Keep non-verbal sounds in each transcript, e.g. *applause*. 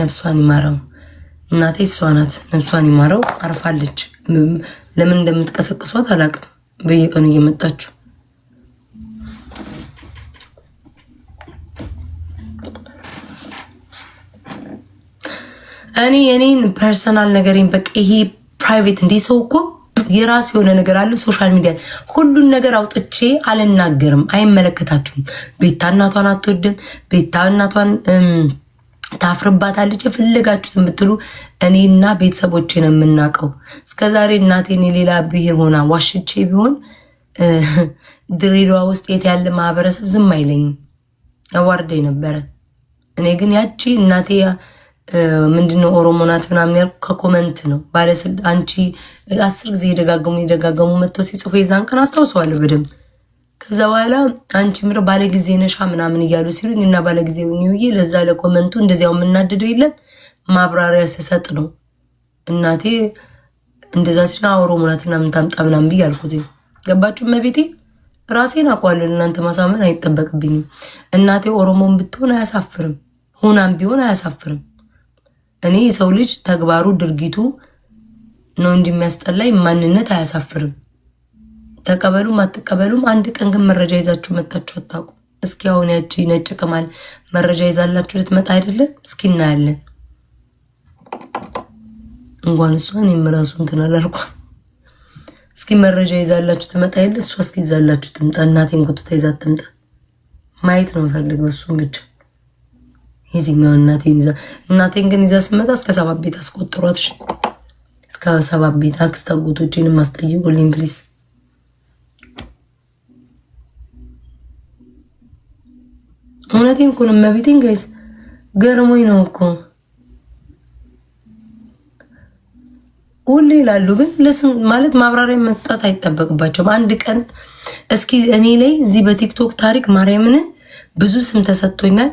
ነፍሷን ይማረው። እናቴ እሷ ናት። ነፍሷን ይማረው። አርፋለች። ለምን እንደምትቀሰቅሷት አላውቅም። በየቀኑ እየመጣችሁ እኔ የኔን ፐርሰናል ነገሬን በቃ ይሄ ፕራይቬት እንዲህ ሰው እኮ የራሱ የሆነ ነገር አለ። ሶሻል ሚዲያ ሁሉን ነገር አውጥቼ አልናገርም። አይመለከታችሁም። ቤታ እናቷን አትወድም። ቤታ እናቷን ታፍርባታለች። የፈለጋችሁትን ብትሉ እኔና ቤተሰቦቼ ነው የምናውቀው። እስከዛሬ እናቴን የሌላ ብሄር ሆና ዋሽቼ ቢሆን ድሬዳዋ ውስጥ የት ያለ ማህበረሰብ ዝም አይለኝም፣ ያዋርደ ነበረ። እኔ ግን ያቺ እናቴ ምንድነው ኦሮሞ ናት ምናምን ያልኩ ከኮመንት ነው ባለስልጣን አንቺ አስር ጊዜ የደጋገሙ የደጋገሙ መጥተው ሲጽፉ የዛን ቀን አስታውሰዋለሁ በደንብ ከዛ በኋላ አንቺ ምረ ባለጊዜ ነሻ ምናምን እያሉ ሲሉኝ እና ባለጊዜ ሆኜ ብዬ ለዛ ለኮመንቱ እንደዚያው የምናደደው የለም ማብራሪያ ስሰጥ ነው። እናቴ እንደዛ ሲ አውሮ ሙናትና ምታምጣ ምናምን ብዬ አልኩት። ገባችሁ መቤቴ ራሴን አውቀዋለሁ። እናንተ ማሳመን አይጠበቅብኝም። እናቴ ኦሮሞን ብትሆን አያሳፍርም፣ ሆናም ቢሆን አያሳፍርም። እኔ የሰው ልጅ ተግባሩ ድርጊቱ ነው እንዲሚያስጠላኝ ማንነት አያሳፍርም። ተቀበሉም አትቀበሉም፣ አንድ ቀን ግን መረጃ ይዛችሁ መጣችሁ አታውቁ። እስኪ አሁን ያቺ ነጭ ቅማል መረጃ ይዛላችሁ ልትመጣ አይደለም? እስኪ እናያለን። እንኳን እሷን እኔም እራሱ እንትን አላልኳ። እስኪ መረጃ ይዛላችሁ ትመጣ የለ? እሷ እስኪ ይዛላችሁ ትምጣ። እናቴን ጉትታ ይዛ ትምጣ። ማየት ነው ፈልገው እሱም ብቻ የትኛው እናቴን ይዛ እናቴን ግን ይዛ ስመጣ እስከ ሰባት ቤት አስቆጥሯት። እስከ ሰባት ቤት አክስት አጎቶቼንም አስጠይቁልኝ ፕሊስ። እውነቴን እኮ ነው መቤቴን ጋይስ ገርሞኝ ነው እኮ ሁሌ ይላሉ፣ ግን ለስም ማለት ማብራሪያ መስጠት አይጠበቅባቸውም። አንድ ቀን እስኪ እኔ ላይ እዚህ በቲክቶክ ታሪክ ማርያምን ብዙ ስም ተሰጥቶኛል።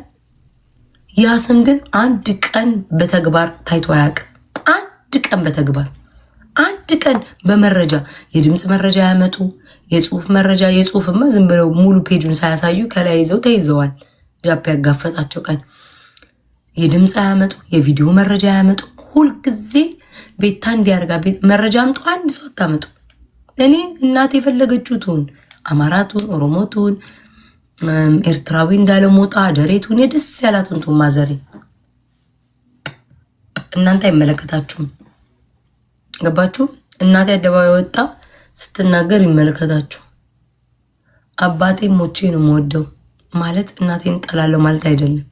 ያ ስም ግን አንድ ቀን በተግባር ታይቶ አያውቅም። አንድ ቀን በተግባር አንድ ቀን በመረጃ የድምፅ መረጃ ያመጡ የጽሁፍ መረጃ የጽሁፍማ ዝም ብለው ሙሉ ፔጁን ሳያሳዩ ከላይ ይዘው ተይዘዋል። ጃፓ ያጋፈጣቸው ቀን የድምፅ አያመጡ የቪዲዮ መረጃ አያመጡ። ሁልጊዜ ቤታ እንዲያርጋ መረጃ አምጡ። አንድ ሰው አታመጡ። እኔ እናት የፈለገችው ትሁን፣ አማራቱን፣ ኦሮሞቱን፣ ኤርትራዊ እንዳለሞጣ ደሬቱን፣ የደስ ያላትን ትሁን። ማዘሬ እናንተ አይመለከታችሁም። ገባችሁ? እናቴ አደባባይ ወጣ ስትናገር ይመለከታችሁ። አባቴ ሞቼ ነው የምወደው ማለት እናቴን ጠላለሁ ማለት አይደለም።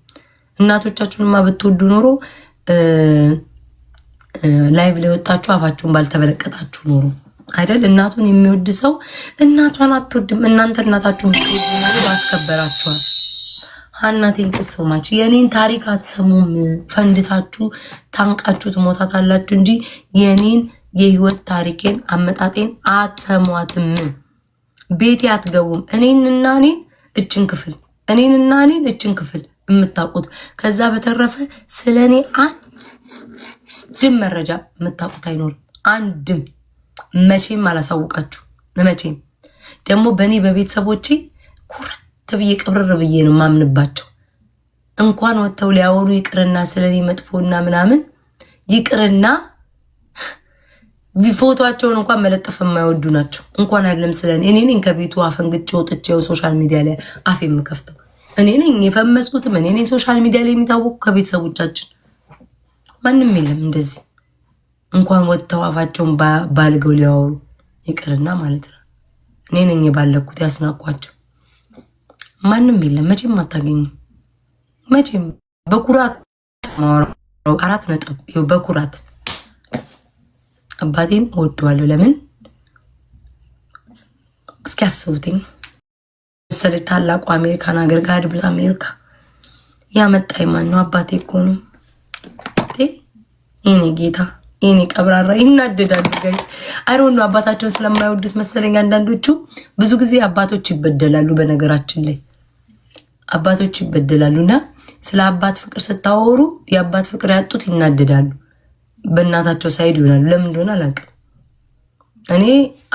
እናቶቻችሁንማ ብትወዱ ኖሮ ላይቭ ላይ ወጣችሁ አፋችሁን ባልተበለቀጣችሁ ኖሮ አይደል? እናቱን የሚወድ ሰው እናቷን አትወድም። እናንተ እናታችሁን ትወዱ ባስከበራችኋል። ሀናቴን ቅሶ ማች የኔን ታሪክ አትሰሙም። ፈንድታችሁ ታንቃችሁ አላችሁ እንጂ የኔን የህይወት ታሪኬን አመጣጤን አትሰሟትም። ቤቴ አትገቡም። እኔንና እኔን እችን ክፍል እኔንና እኔን እችን ክፍል የምታውቁት ከዛ በተረፈ ስለ እኔ አንድም መረጃ የምታውቁት አይኖርም። አንድም መቼም አላሳውቃችሁ። መቼም ደግሞ በእኔ በቤተሰቦቼ ኩርት ብዬ ቅብርር ብዬ ነው ማምንባቸው። እንኳን ወጥተው ሊያወሩ ይቅርና ስለ እኔ መጥፎና ምናምን ይቅርና ፎቶቸውን እንኳን መለጠፍ የማይወዱ ናቸው። እንኳን አይደለም ስለ እኔ ነኝ ከቤቱ አፈንግጬ ወጥቼው ሶሻል ሚዲያ ላይ አፍ የምከፍተው እኔ ነኝ የፈመስኩትም እኔ ነኝ ሶሻል ሚዲያ ላይ የሚታወቁ ከቤተሰቦቻችን ማንም የለም እንደዚህ እንኳን ወጥተው አፋቸውን ባልገው ሊያወሩ ይቅርና ማለት ነው። እኔ ነኝ የባለኩት ያስናኳቸው። ማንም የለም መቼም አታገኙ። መቼም በኩራት አራት ነጥብ በኩራት አባቴን እወደዋለሁ። ለምን እስኪ አስቡትኝ። መሰለች ታላቁ አሜሪካን ሀገር ጋር ብላ አሜሪካ ያመጣኝ ማን ነው? አባቴ እኮ ነው። ይኔ ጌታ ይኔ ቀብራራ ይናደዳሉ ጋይስ። አይሮን ነው አባታቸውን ስለማይወዱት መሰለኝ አንዳንዶቹ። ብዙ ጊዜ አባቶች ይበደላሉ። በነገራችን ላይ አባቶች ይበደላሉ እና ስለ አባት ፍቅር ስታወሩ የአባት ፍቅር ያጡት ይናደዳሉ። በእናታቸው ሳይድ ይሆናሉ። ለምን እንደሆነ አላውቅም። እኔ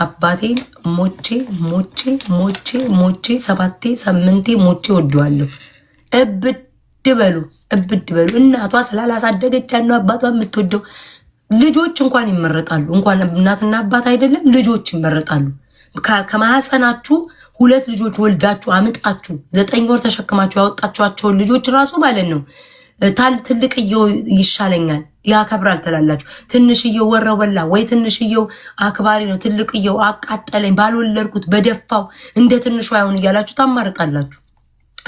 አባቴን ሞቼ ሞቼ ሞቼ ሞቼ ሰባቴ ስምንቴ ሞቼ ወደዋለሁ። እብድ በሉ እብድ በሉ። እናቷ ስላላሳደገች ያነው አባቷ የምትወደው ልጆች እንኳን ይመረጣሉ። እንኳን እናትና አባት አይደለም ልጆች ይመረጣሉ። ከማህፀናችሁ ሁለት ልጆች ወልዳችሁ አምጣችሁ ዘጠኝ ወር ተሸክማችሁ ያወጣችኋቸውን ልጆች ራሱ ማለት ነው ትልቅየው ይሻለኛል ያከብራል ትላላችሁ። ትንሽየው ወረበላ ወይ ትንሽየው አክባሪ ነው፣ ትልቅየው አቃጠለኝ፣ ባልወለድኩት በደፋው እንደ ትንሹ አይሆን እያላችሁ ታማርጣላችሁ።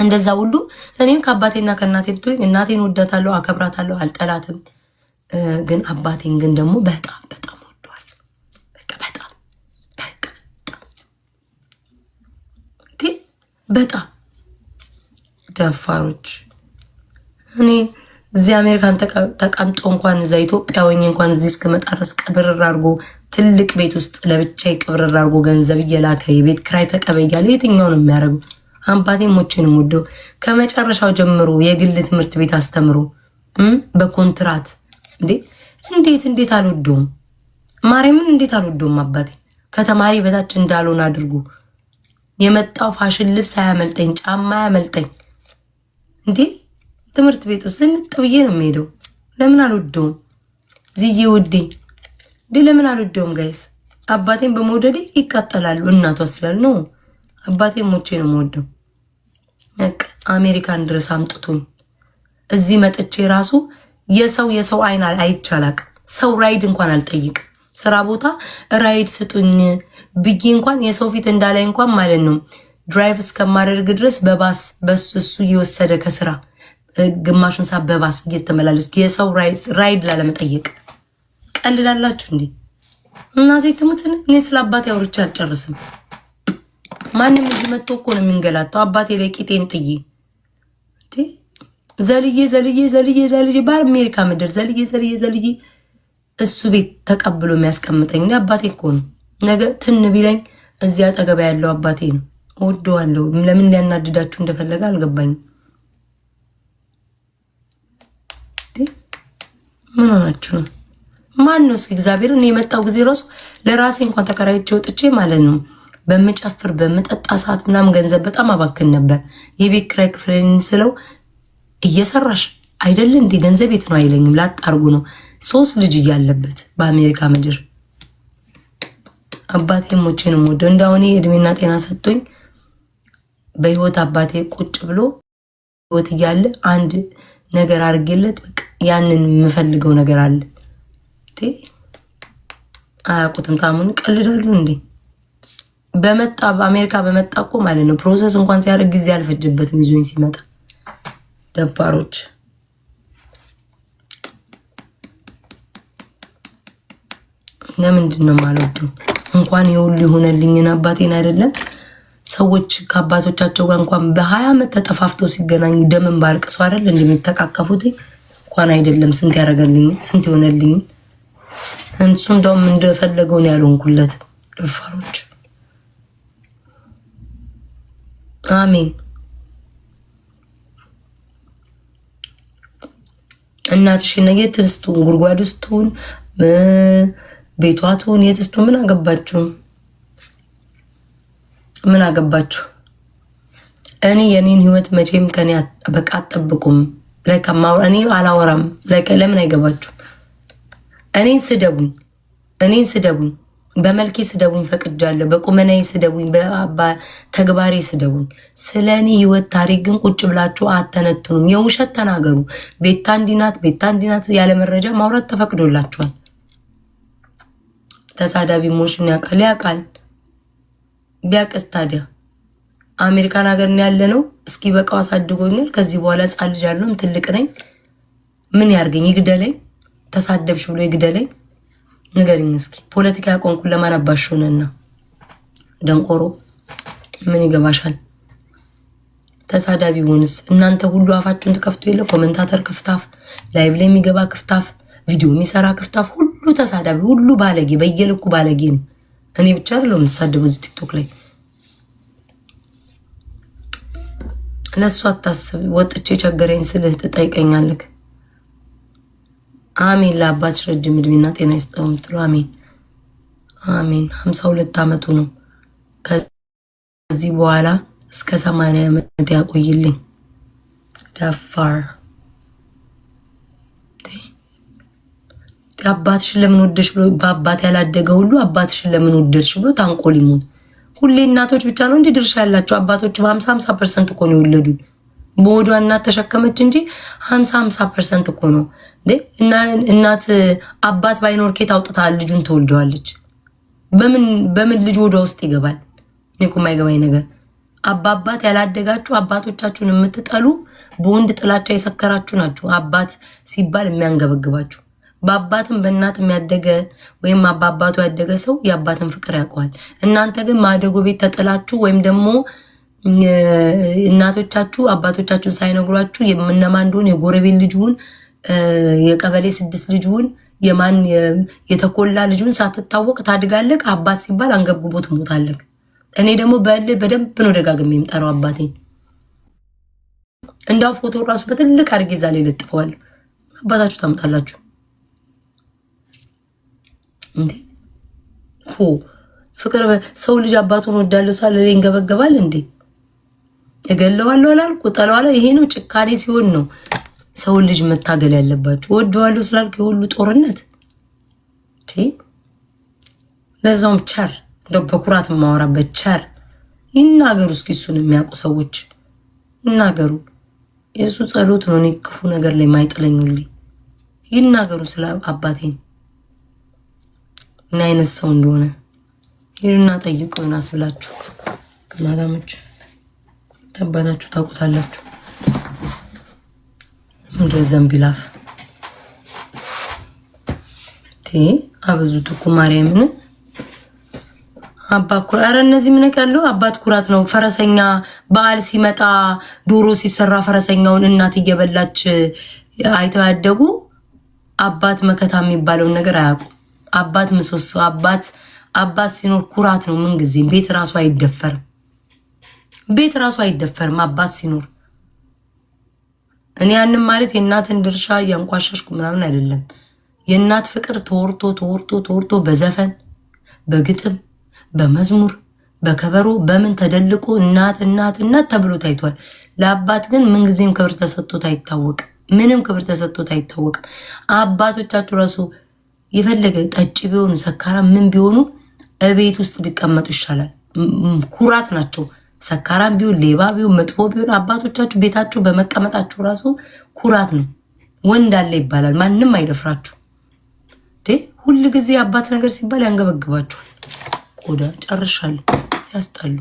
እንደዛ ሁሉ እኔም ከአባቴና ከእናቴ ብትሆኝ እናቴን ወዳታለሁ፣ አከብራታለሁ፣ አልጠላትም። ግን አባቴን ግን ደግሞ በጣም በጣም ወደዋል። በጣም በጣም በጣም ደፋሮች እኔ እዚህ አሜሪካን ተቀምጦ እንኳን እዛ ኢትዮጵያ ወኝ እንኳን እዚህ እስከመጣ ድረስ ቅብርር አድርጎ ትልቅ ቤት ውስጥ ለብቻ ቅብርር አድርጎ ገንዘብ እየላከ የቤት ክራይ ተቀበይ እያለ ነው የሚያደርገው አባቴ ሞችን ወደው ከመጨረሻው ጀምሮ የግል ትምህርት ቤት አስተምሮ በኮንትራት እንዴ እንዴት እንዴት አልወደውም፣ ማርያምን እንዴት አልወደውም። አባቴ ከተማሪ በታች እንዳልሆን አድርጎ የመጣው ፋሽን ልብስ አያመልጠኝ፣ ጫማ አያመልጠኝ እንዴ ትምህርት ቤት ውስጥ ዝንጥ ብዬ ነው የምሄደው። ለምን አልወደውም? ዝዬ ውዴ ዴ ለምን አልወደውም? ጋይስ አባቴን በመውደዴ ይቃጠላሉ። እናቷ ስላል ነው አባቴን ሞቼ ነው የምወደው። በቃ አሜሪካን ድረስ አምጥቶኝ እዚህ መጥቼ ራሱ የሰው የሰው አይን አይቻላቅ ሰው ራይድ እንኳን አልጠይቅ ስራ ቦታ ራይድ ስጡኝ ብዬ እንኳን የሰው ፊት እንዳላይ እንኳን ማለት ነው ድራይቭ እስከማደርግ ድረስ በባስ በሱ እሱ እየወሰደ ከስራ ግማሹን ሳበባስ እየተመላለስ የሰው ራይድ ላለመጠየቅ ቀልላላችሁ እንዴ? እናቴ ትሙትን እኔ ስለ አባቴ አውርቼ አልጨርስም። ማንም እዚህ መጥቶ እኮ ነው የሚንገላተው። አባቴ ላይ ቂጤን ጥዬ ዘልዬ ዘልዬ ዘልዬ ዘልዬ በአሜሪካ ምድር ዘልዬ ዘልዬ ዘልዬ እሱ ቤት ተቀብሎ የሚያስቀምጠኝ እኔ አባቴ እኮ ነው። ነገ ትን ቢለኝ እዚህ አጠገባ ያለው አባቴ ነው። ወደዋለሁ። ለምን ሊያናድዳችሁ እንደፈለገ አልገባኝም። ምን ሆናችሁ ነው? ማን ነው እስኪ እግዚአብሔር እኔ የመጣው ጊዜ ራሱ ለራሴ እንኳን ተከራይቼ ወጥቼ ማለት ነው በምጨፍር በምጠጣ ሰዓት ምናምን ገንዘብ በጣም አባክን ነበር። የቤት ኪራይ ክፍልን ስለው እየሰራሽ አይደለ እንዴ ገንዘብ የት ነው አይለኝም። ላጣርጉ ነው ሶስት ልጅ እያለበት በአሜሪካ ምድር አባቴ ነው ወደ እንዳሁን እድሜና ጤና ሰጥቶኝ በህይወት አባቴ ቁጭ ብሎ ህይወት እያለ አንድ ነገር አድርጌለት ያንን የምፈልገው ነገር አለ። አያውቁትም። ታሙን ቀልዳሉ እንዴ? በመጣ በአሜሪካ በመጣ እኮ ማለት ነው ፕሮሰስ እንኳን ሲያደርግ ጊዜ አልፈጅበትም። ይዞኝ ሲመጣ ደባሮች ለምንድን ነው የማልወደው? እንኳን የሁሉ የሆነልኝን አባቴን አይደለም ሰዎች ከአባቶቻቸው ጋር እንኳን በሀያ ዓመት ተጠፋፍተው ሲገናኙ ደምን ባልቅ ሰው አይደል እንደሚተቃቀፉት እንኳን አይደለም ስንት ያደረገልኝ ስንት ይሆነልኝ። እንሱ እንደውም እንደፈለገውን ያልሆንኩለት ደፋሮች። አሜን እናትሽ ነገ የትስቱን ጉድጓድ ውስጡን ቤቷቱን የትስቱን ምን አገባችሁም? ምን አገባችሁ? እኔ የኔን ህይወት መቼም ከኔ በቃ አትጠብቁም። እኔ አላወራም። ለምን አይገባችሁ እኔን ስደቡኝ፣ እኔን ስደቡኝ፣ በመልኬ ስደቡኝ ፈቅጃለሁ። በቁመናዬ ስደቡኝ፣ በተግባሬ ስደቡኝ። ስለ እኔ ህይወት ታሪክ ግን ቁጭ ብላችሁ አተነትኑም። የውሸት ተናገሩ። ቤታ እንዲናት፣ ናት፣ ቤታ እንዲናት ያለ መረጃ ማውራት ተፈቅዶላችኋል። ተሳዳቢ ሞሽን ያውቃል ያውቃል ቢያቅስ ታዲያ አሜሪካን ሀገር ነው ያለ ነው። እስኪ በቃው አሳድጎኛል። ከዚህ በኋላ ህጻን ልጅ አለውም ትልቅ ነኝ። ምን ያርገኝ? ይግደለኝ? ተሳደብሽ ብሎ ይግደለኝ? ንገሪኝ እስኪ። ፖለቲካ ያቆንኩን ለማን ሆነና? ደንቆሮ ምን ይገባሻል? ተሳዳቢ ሆንስ እናንተ ሁሉ አፋችሁን ትከፍቶ የለ ኮመንታተር ክፍታፍ፣ ላይቭ ላይ የሚገባ ክፍታፍ፣ ቪዲዮ የሚሰራ ክፍታፍ፣ ሁሉ ተሳዳቢ፣ ሁሉ ባለጌ፣ በየልኩ ባለጌ ነው። እኔ ብቻ አይደለሁም የምሳደበው እዚህ ቲክቶክ ላይ። ለእሱ አታስብ። ወጥቼ ቸገረኝ ስልህ ትጠይቀኛለህ። አሜን። ለአባትሽ ረጅም እድሜና ጤና ይስጠው የምትሉ አሜን፣ አሜን። ሀምሳ ሁለት ዓመቱ ነው። ከዚህ በኋላ እስከ ሰማንያ አመት ያቆይልኝ። ደፋር አባትሽን ለምን ወደድሽ ብሎ በአባት ያላደገ ሁሉ አባትሽን ለምን ወደድሽ ብሎ ታንቆል ይሞት። ሁሌ እናቶች ብቻ ነው እንደ ድርሻ ያላቸው አባቶች በሀምሳ ሀምሳ ፐርሰንት እኮ ነው የወለዱን። በሆዷ እናት ተሸከመች እንጂ ሀምሳ ሀምሳ ፐርሰንት እኮ ነው እናት። አባት ባይኖር ኬት አውጥታ ልጁን ተወልደዋለች። በምን ልጅ ወዷ ውስጥ ይገባል? እኔ እኮ የማይገባኝ ነገር አባባት ያላደጋችሁ አባቶቻችሁን የምትጠሉ በወንድ ጥላቻ የሰከራችሁ ናችሁ። አባት ሲባል የሚያንገበግባችሁ በአባትም በእናትም ያደገ ወይም በአባቱ ያደገ ሰው የአባትን ፍቅር ያውቀዋል። እናንተ ግን ማደጎ ቤት ተጥላችሁ ወይም ደግሞ እናቶቻችሁ አባቶቻችሁን ሳይነግሯችሁ የምነማ እንደሆን የጎረቤት ልጅውን የቀበሌ ስድስት ልጅውን የማን የተኮላ ልጁን ሳትታወቅ ታድጋለህ። አባት ሲባል አንገብግቦ ትሞታለህ። እኔ ደግሞ በል በደንብ ነው ደጋግሜ የምጠራው አባቴን። እንዳው ፎቶ ራሱ በትልቅ አድርጌ እዛ ላይ ለጥፈዋለሁ። አባታችሁ ታምጣላችሁ። እንዴ ፍቅር ሰው ልጅ አባቱን ወዳለው ሳለ ይንገበገባል እንዴ? እገለዋለሁ አላልኩ እጠለዋለሁ። ይሄ ነው ጭካኔ ሲሆን ነው ሰውን ልጅ መታገል ያለባችሁ። ወደዋለሁ ስላልኩ የሁሉ ጦርነት ለዛውም ቸር እንደው በኩራት የማወራበት ቸር ይናገሩ። እስኪ እሱን የሚያውቁ ሰዎች ይናገሩ። የእሱ ጸሎት ነው እኔ ክፉ ነገር ላይ ማይጥለኙልኝ። ይናገሩ ስለ አባቴን ምን አይነት ሰው እንደሆነ ሄድና ጠይቁ። ናስ ብላችሁ ቅማታሞች ተባታችሁ ታውቁታላችሁ። እንደ ዘንቢላፍ ቲ አብዙት እኮ ማርያምን አባት ኩራት። እነዚህ ምን ያለው አባት ኩራት ነው። ፈረሰኛ በዓል ሲመጣ ዶሮ ሲሰራ ፈረሰኛውን እናት እየበላች አይተው ያደጉ አባት መከታ የሚባለውን ነገር አያውቁም። አባት ምሰሶ፣ አባት አባት ሲኖር ኩራት ነው። ምን ጊዜ ቤት ራሱ አይደፈርም። ቤት ራሱ አይደፈርም አባት ሲኖር። እኔ ያንም ማለት የእናትን ድርሻ እያንቋሸሽኩ ምናምን አይደለም። የእናት ፍቅር ተወርቶ ተወርቶ ተወርቶ በዘፈን በግጥም በመዝሙር በከበሮ በምን ተደልቆ እናት እናት እናት ተብሎ ታይቷል። ለአባት ግን ምንጊዜም ክብር ተሰጥቶት አይታወቅም። ምንም ክብር ተሰጥቶት አይታወቅም። አባቶቻችሁ ራሱ የፈለገ ጠጭ ቢሆኑ ሰካራ ምን ቢሆኑ እቤት ውስጥ ቢቀመጡ ይሻላል። ኩራት ናቸው። ሰካራም ቢሆን ሌባ ቢሆን መጥፎ ቢሆን አባቶቻችሁ ቤታችሁ በመቀመጣችሁ ራሱ ኩራት ነው። ወንድ አለ ይባላል። ማንም አይደፍራችሁ። ሁል ጊዜ አባት ነገር ሲባል ያንገበግባችኋል። ቆዳ ጨርሻለሁ። ሲያስጣሉ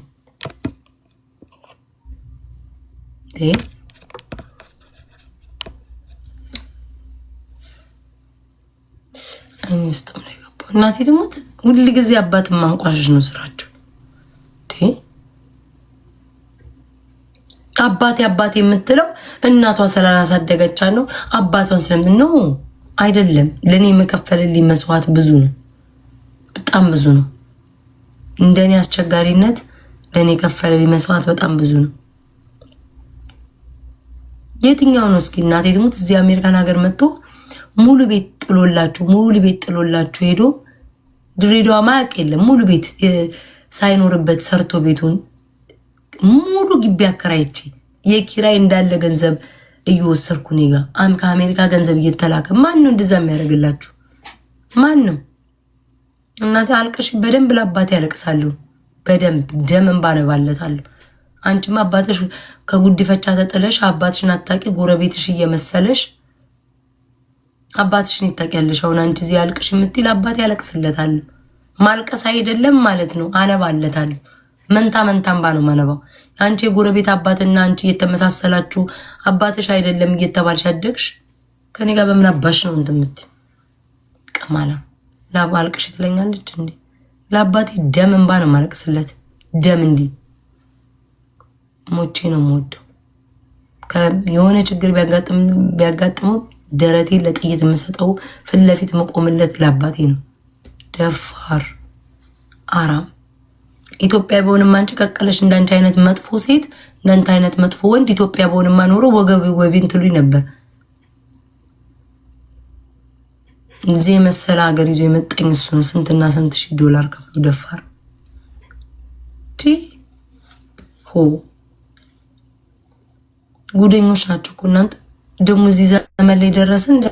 ስጠው ነው የገባው። እናቴ ደግሞ ሁል ጊዜ አባት ማንቋሸሽ ነው ስራቸው። አባቴ አባቴ የምትለው እናቷ ስላላሳደገቻ ነው አባቷን ስለምት ነው አይደለም። ለእኔ የመከፈልልኝ መስዋዕት ብዙ ነው፣ በጣም ብዙ ነው። እንደኔ አስቸጋሪነት ለእኔ የከፈለልኝ መስዋዕት በጣም ብዙ ነው። የትኛው ነው እስኪ እናቴ ድሞት እዚህ አሜሪካን ሀገር መጥቶ ሙሉ ቤት ጥሎላችሁ ሙሉ ቤት ጥሎላችሁ ሄዶ ድሬዳዋ ማያቅ የለም ሙሉ ቤት ሳይኖርበት ሰርቶ ቤቱን ሙሉ ግቢ አከራይቼ የኪራይ እንዳለ ገንዘብ እየወሰድኩ እኔ ጋ ከአሜሪካ ገንዘብ እየተላከ ማን ነው እንደዛ የሚያደርግላችሁ? ነው እናቴ አልቀሽ በደንብ ለአባቴ ያለቅሳለሁ። በደንብ ደምን ባነባለታለሁ። አንቺም አባትሽ ከጉድፈቻ ተጥለሽ አባትሽን አታቂ ጎረቤትሽ እየመሰለሽ አባትሽን ይታውቂያለሽ። አሁን አንቺ እዚህ ያልቅሽ የምትል አባት ያለቅስለታል። ማልቀስ አይደለም ማለት ነው፣ አነባለታል። መንታ መንታም እንባ ነው ማነባው። አንቺ የጎረቤት አባትና አንቺ እየተመሳሰላችሁ አባትሽ አይደለም እየተባልሽ አደግሽ። ከኔ ጋር በምን አባሽ ነው እንትምት ቀማላ ላብ ትለኛለች እንዴ? ለአባቴ ደም እንባ ነው ማለቅስለት። ደም እንዲ ሞቼ ነው የምወደው። የሆነ ችግር ቢያጋጥመው ደረቴን ለጥይት የምሰጠው ፊት ለፊት መቆምለት ለአባቴ ነው። ደፋር አራም ኢትዮጵያ በሆንማ አንጭቀቀለሽ እንዳንቺ አይነት መጥፎ ሴት፣ እንዳንተ አይነት መጥፎ ወንድ ኢትዮጵያ በሆንማ ኖሮ ወገብ ወቢን ትሉኝ ነበር። ጊዜ መሰለ ሀገር ይዞ የመጣኝ እሱ ነው። ስንትና ስንት ሺህ ዶላር ከፍሎ ደፋር ሆ ጉደኞች ናቸው እኮ እናንተ ደግሞ እዚህ ዘመን ላይ ደረሰ እንደ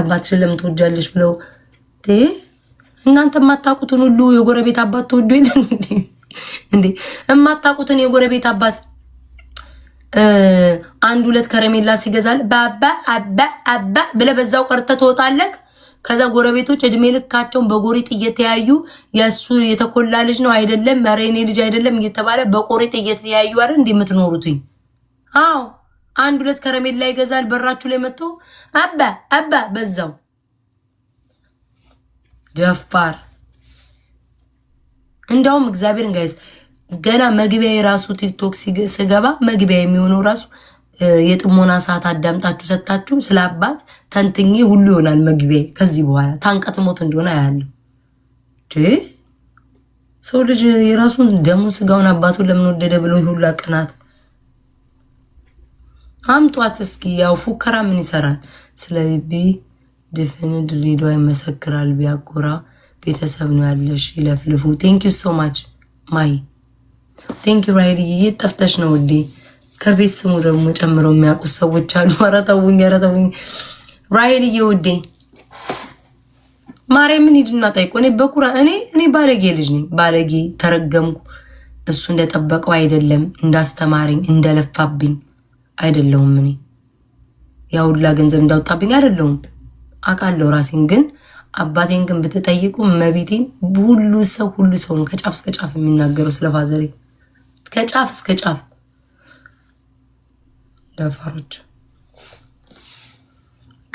አባትሽን ለምን ትወጃለሽ ብለው እናንተ የማታውቁትን ሁሉ የጎረቤት አባት ትወዱ የለን እንዴ? የማታውቁትን የጎረቤት አባት አንድ ሁለት ከረሜላ ሲገዛል በአባ አባ አባ ብለ በዛው ቀርተ ትወጣለህ። ከዛ ጎረቤቶች እድሜ ልካቸውን በጎሪጥ እየተያዩ የእሱ የተኮላ ልጅ ነው አይደለም፣ ኧረ የኔ ልጅ አይደለም እየተባለ በቆሪጥ እየተያዩ አይደል እንዴ የምትኖሩትኝ? አዎ አንድ ሁለት ከረሜላ ይገዛል። በራችሁ ላይ መጥቶ አባ አባ በዛው ደፋር። እንዳውም እግዚአብሔር ጋይስ ገና መግቢያ የራሱ ቲክቶክ ስገባ መግቢያ የሚሆነው ራሱ የጥሞና ሰዓት አዳምጣችሁ ሰጥታችሁ ስለ አባት ተንትኜ ሁሉ ይሆናል መግቢያ። ከዚህ በኋላ ታንቀት ሞት እንደሆነ አያለሁ። ሰው ልጅ የራሱን ደሙን ስጋውን አባቱን ለምን ወደደ ብሎ ሁሉ ቅናት አምጧት እስኪ። ያው ፉከራ ምን ይሰራል? ስለ ቤቢ ድፍን ድሬዳዋ ይመሰክራል። ቢያጎራ ቤተሰብ ነው ያለሽ። ይለፍልፉ። ቴንክ ዩ ሶ ማች ማይ ቴንክ ዩ ራይድ። የት ጠፍተሽ ነው ውዴ? ከቤት ስሙ ደግሞ ጨምረው የሚያውቁት ሰዎች አሉ። ኧረ ተውኝ፣ ኧረ ተውኝ። ራይልዬ ውዴ ማርያምን ሂድና ጠይቆ። እኔ በኩራ እኔ እኔ ባለጌ ልጅ ነኝ፣ ባለጌ ተረገምኩ። እሱ እንደጠበቀው አይደለም እንዳስተማረኝ እንደለፋብኝ አይደለሁም። እኔ ያ ሁላ ገንዘብ እንዳወጣብኝ አይደለሁም፣ አውቃለሁ ራሴን። ግን አባቴን ግን ብትጠይቁ መቤቴን ሁሉ ሰው ሁሉ ሰው ነው ከጫፍ እስከ ጫፍ የሚናገረው ስለ ፋዘሬ ከጫፍ እስከ ጫፍ ደፋሮች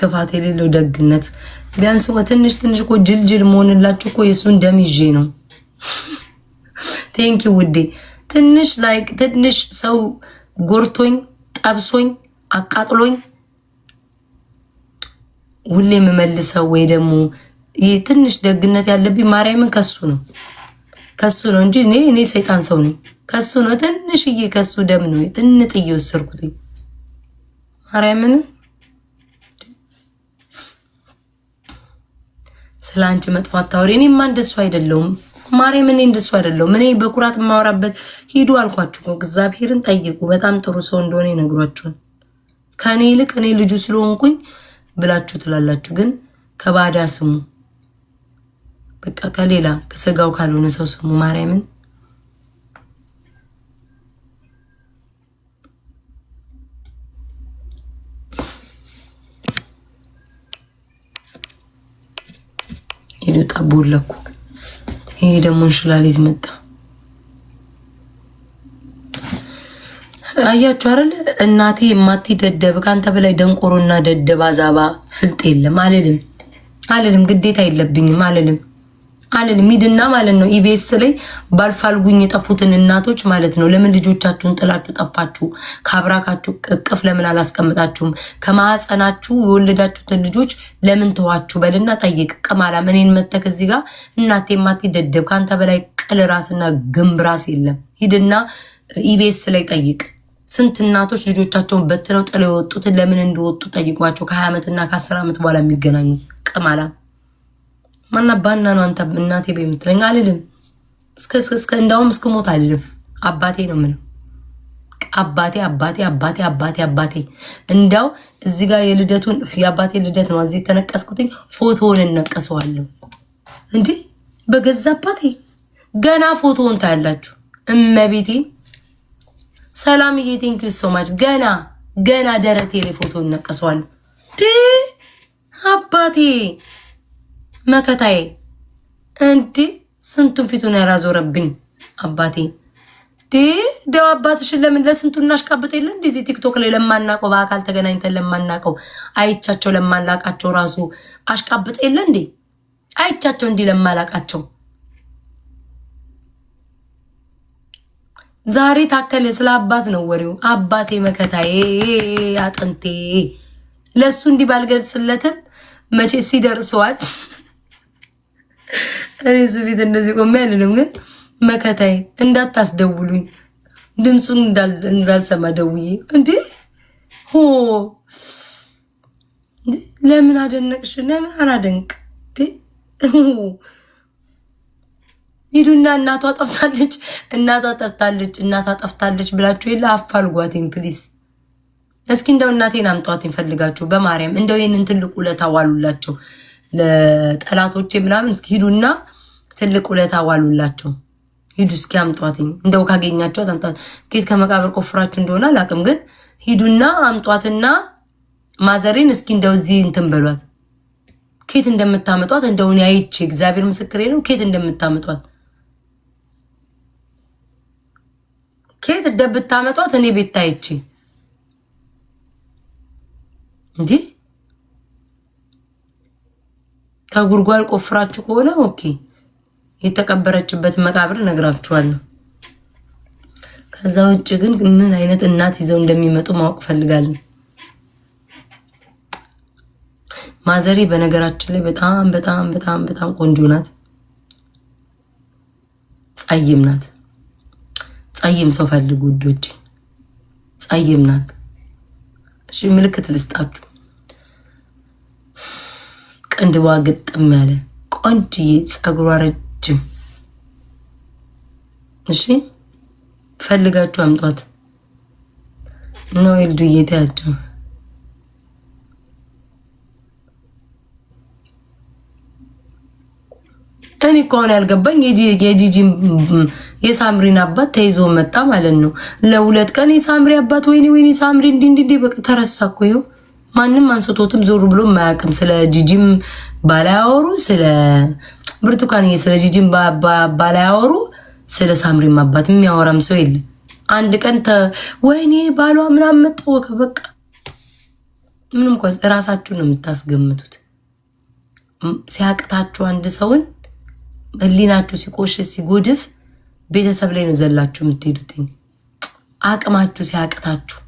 ክፋት የሌለው ደግነት ቢያንስ ትንሽ ትንሽ እኮ ጅልጅል መሆንላችሁ እኮ የእሱን ደም ይዤ ነው። ቴንኪ *laughs* ውዴ። ትንሽ ላይክ ትንሽ ሰው ጎርቶኝ ጠብሶኝ አቃጥሎኝ ሁሌ የምመልሰው ወይ ደግሞ ይህ ትንሽ ደግነት ያለብኝ ማርያምን ከሱ ነው ከሱ ነው እንጂ እኔ እኔ ሰይጣን ሰው ነኝ። ከሱ ነው ትንሽዬ ከሱ ደም ነው ትንጥ ወሰድኩት። ማርያምን ስለ አንቺ መጥፎ አታውሪ። እኔማ እንደሱ አይደለውም። ማርያም እኔ እንደሱ አይደለሁም። እኔ በኩራት የማወራበት ሂዱ አልኳችሁ። እግዚአብሔርን ጠይቁ። በጣም ጥሩ ሰው እንደሆነ ይነግሯችሁን። ከእኔ ይልቅ እኔ ልጁ ስለሆንኩኝ ብላችሁ ትላላችሁ፣ ግን ከባዳ ስሙ በቃ ከሌላ ከስጋው ካልሆነ ሰው ስሙ ማርያምን። ሂዱ ጣቦለኩ ይሄ ደግሞ እንሽላሊት መጣ። አያችሁ አይደል? እናቴ የማቲ ደደብ ከአንተ በላይ ደንቆሮና ደደብ አዛባ ፍልጥ የለም። አልልም አልልም፣ ግዴታ የለብኝም አልልም። አለን ሚድና ማለት ነው። ኢቢኤስ ላይ ባልፋልጉኝ የጠፉትን እናቶች ማለት ነው። ለምን ልጆቻችሁን ጥላችሁ ጠፋችሁ? ከአብራካችሁ እቅፍ ለምን አላስቀምጣችሁም? ከማህፀናችሁ የወለዳችሁትን ልጆች ለምን ተዋችሁ? በልና ጠይቅ። ቅማላ እኔን መተክ እዚህ ጋር እናቴ ማቴ ደደብ ከአንተ በላይ ቅል ራስና ግንብ ራስ የለም። ሂድና ኢቢኤስ ላይ ጠይቅ። ስንት እናቶች ልጆቻቸውን በትነው ጥለው የወጡትን ለምን እንደወጡ ጠይቋቸው። ከሀያ ዓመትና ከአስር ዓመት በኋላ የሚገናኙት ቅማላ ማና ማናባህና ነው አንተ እናቴ በይ የምትለኝ? አልልም። እስከ እስከ እስከ እንደውም ሞት አልልም። አባቴ ነው የምለው። አባቴ አባቴ አባቴ አባቴ አባቴ። እንዳው እዚህ ጋር የልደቱን የአባቴ ልደት ነው እዚህ የተነቀስኩትኝ። ፎቶውን እነቀሰዋለሁ እንዴ በገዛ አባቴ። ገና ፎቶውን ታያላችሁ። እመቤቴ ሰላምዬ፣ ቴንኪዩ ሶማች። ገና ገና ደረቴ ላይ ፎቶ እነቀሰዋለሁ አባቴ መከታዬ እንዲህ ስንቱን ፊቱን ያላዞረብኝ አባቴ ደው አባትሽን ለምን ለስንቱ እናሽቃብጥ የለ እንደዚህ ቲክቶክ ላይ ለማናቀው በአካል ተገናኝተን ለማናቀው አይቻቸው ለማላቃቸው ራሱ አሽቃብጥ የለ እንዴ አይቻቸው እንዲህ ለማላቃቸው ዛሬ ታከለ ስለ አባት ነው ወሬው። አባቴ መከታዬ አጥንቴ ለሱ እንዲህ ባልገልጽለትም መቼ ሲደርሰዋል እኔ እዚህ ቤት እንደዚህ ቆሜ አልልም፣ ግን መከታይ እንዳታስደውሉኝ ድምፁን እንዳልሰማ ደውዬ እንዴ ሆ ለምን አደነቅሽ? ለምን አላደንቅ? ሂዱና እናቷ ጠፍታለች፣ እናቷ ጠፍታለች፣ እናቷ ጠፍታለች ብላችሁ የለ አፋልጓቴን ፕሊስ። እስኪ እንደው እናቴን አምጧት ፈልጋችሁ፣ በማርያም እንደው ይህንን ትልቅ ውለታ ዋሉላቸው። ለጠላቶቼ ምናምን እስኪ ሂዱና ትልቅ ውለታ ዋሉላቸው። ሂዱ እስኪ አምጧትኝ፣ እንደው ካገኛቸዋት አምጧት። ጌት ከመቃብር ቆፍራችሁ እንደሆነ አላቅም፣ ግን ሂዱና አምጧትና ማዘሬን እስኪ እንደው እዚህ እንትን በሏት። ኬት እንደምታመጧት እንደውን ያይቼ እግዚአብሔር ምስክሬ ነው። ኬት እንደምታመጧት ኬት እንደምታመጧት እኔ ቤት ታይቼ እንዲህ ከጉድጓድ ቆፍራችሁ ከሆነ ኦኬ፣ የተቀበረችበት መቃብር ነግራችኋለሁ። ከዛ ውጭ ግን ምን አይነት እናት ይዘው እንደሚመጡ ማወቅ ፈልጋለሁ። ማዘሬ በነገራችን ላይ በጣም በጣም በጣም በጣም ቆንጆ ናት። ጸይም ናት። ጸይም ሰው ፈልጉ ውዶች፣ ጸይም ናት። እሺ፣ ምልክት ልስጣችሁ። ቅንድቧ ግጥም ያለ ቆንጅዬ፣ ጸጉሯ ረጅም። እሺ ፈልጋችሁ አምጧት ነው ኤልዱዬ፣ ታያቸው እኔ እኮ አሁን ያልገባኝ የጂጂ የሳምሪን አባት ተይዞ መጣ ማለት ነው። ለሁለት ቀን የሳምሪ አባት ወይኔ ወይኔ ሳምሪ እንዲህ እንዲህ በቃ ተረሳ እኮ ይኸው ማንም አንስቶትም ዞር ብሎ ማያውቅም። ስለ ጂጂም ባላያወሩ ስለ ብርቱካን ስለ ጂጂም ባላያወሩ ስለ ሳምሪ ማባት የሚያወራም ሰው የለ። አንድ ቀን ወይኔ ባሏ ምናምን መታወቀ በቃ ምንም ኳ እራሳችሁን ነው የምታስገምቱት። ሲያቅታችሁ አንድ ሰውን ህሊናችሁ ሲቆሽ ሲጎድፍ ቤተሰብ ላይ ነው ዘላችሁ የምትሄዱትኝ አቅማችሁ ሲያቅታችሁ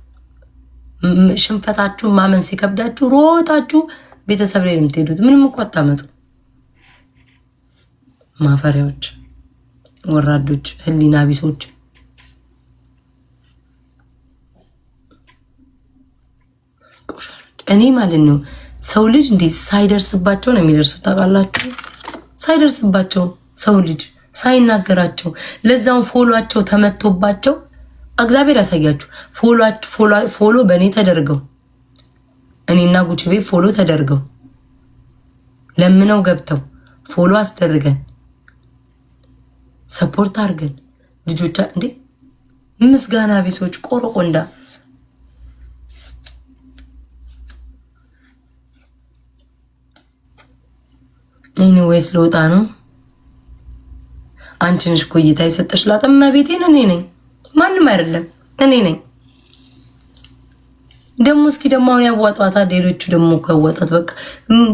ሽንፈታችሁን ማመን ሲከብዳችሁ ሮጣችሁ ቤተሰብ ላይ የምትሄዱት ምንም እኮ አታመጡ። ማፈሪያዎች፣ ወራዶች፣ ህሊና ቢሶች ቆሻሾች። እኔ ማለት ነው ሰው ልጅ እንዴ ሳይደርስባቸው ነው የሚደርሱት። ታውቃላችሁ፣ ሳይደርስባቸው ሰው ልጅ ሳይናገራቸው ለዛውን ፎሏቸው ተመቶባቸው እግዚአብሔር ያሳያችሁ። ፎሎ በእኔ ተደርገው እኔና ጉቺ ቤት ፎሎ ተደርገው ለምነው ገብተው ፎሎ አስደርገን ሰፖርት አድርገን ልጆቻ እንዴ ምስጋና ቢሶች ቆረቆንዳ ይህን ወይስ ልወጣ ነው? አንቺንሽ ቆይታ የሰጠሽ ላጠማ ቤቴን እኔ ነኝ። ማንም አይደለም እኔ ነኝ። ደግሞ እስኪ ደግሞ አሁን ያዋጧታ ሌሎቹ ደግሞ ከዋጧት በቃ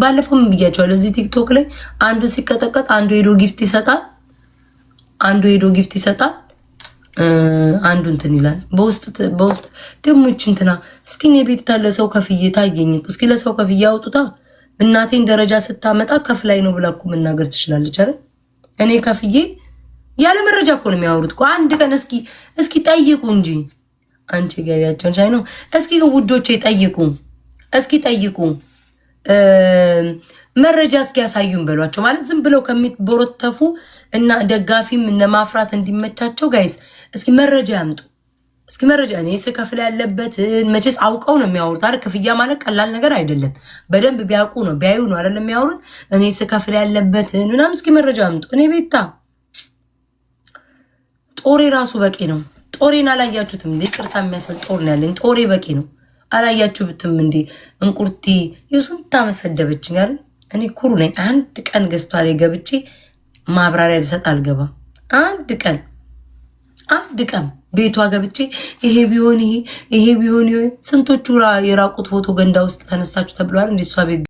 ባለፈው ምን ብያቸዋለሁ? እዚህ ቲክቶክ ላይ አንዱ ሲቀጠቀጥ አንዱ ሄዶ ጊፍት ይሰጣል፣ አንዱ ሄዶ ጊፍት ይሰጣል፣ አንዱ እንትን ይላል። በውስጥ በውስጥ ደግሞ ይህች እንትና እስኪ እኔ ታለ ሰው ከፍዬ ታየኝ እስኪ ለሰው ከፍዬ አውጡታ እናቴን ደረጃ ስታመጣ ከፍ ላይ ነው ብላ እኮ መናገር ትችላለች። አይደል እኔ ከፍዬ ያለ መረጃ እኮ ነው የሚያወሩት እኮ። አንድ ቀን እስኪ እስኪ ጠይቁ እንጂ አንቺ ገቢያቸውን ሻይ ነው። እስኪ ውዶቼ ጠይቁ፣ እስኪ ጠይቁ፣ መረጃ እስኪ ያሳዩን በሏቸው። ማለት ዝም ብለው ከሚቦረተፉ እና ደጋፊም ለማፍራት እንዲመቻቸው ጋይስ እስኪ መረጃ ያምጡ። እስኪ መረጃ እኔ ስከፍል ያለበትን መቼስ አውቀው ነው የሚያወሩት አረ ክፍያ ማለት ቀላል ነገር አይደለም። በደንብ ቢያውቁ ነው ቢያዩ ነው አይደል የሚያወሩት። እኔ ስከፍል ያለበትን ምናምን እስኪ መረጃ ያምጡ። እኔ ቤታ ጦሬ ራሱ በቂ ነው። ጦሬን አላያችሁትም እንዴ? ቅርታ የሚያሰል ጦር ያለኝ። ጦሬ በቂ ነው። አላያችሁትም እንዴ? እንቁርቲ ይኸው ስንት ዓመት ሰደበችኝ አይደል? እኔ ኩሩ ነኝ። አንድ ቀን ገዝቷ ላይ ገብቼ ማብራሪያ ልሰጥ አልገባም። አንድ ቀን አንድ ቀን ቤቷ ገብቼ ይሄ ቢሆን ይሄ ይሄ ቢሆን ስንቶቹ የራቁት ፎቶ ገንዳ ውስጥ ተነሳችሁ ተብለዋል እንደ እሷ ቤት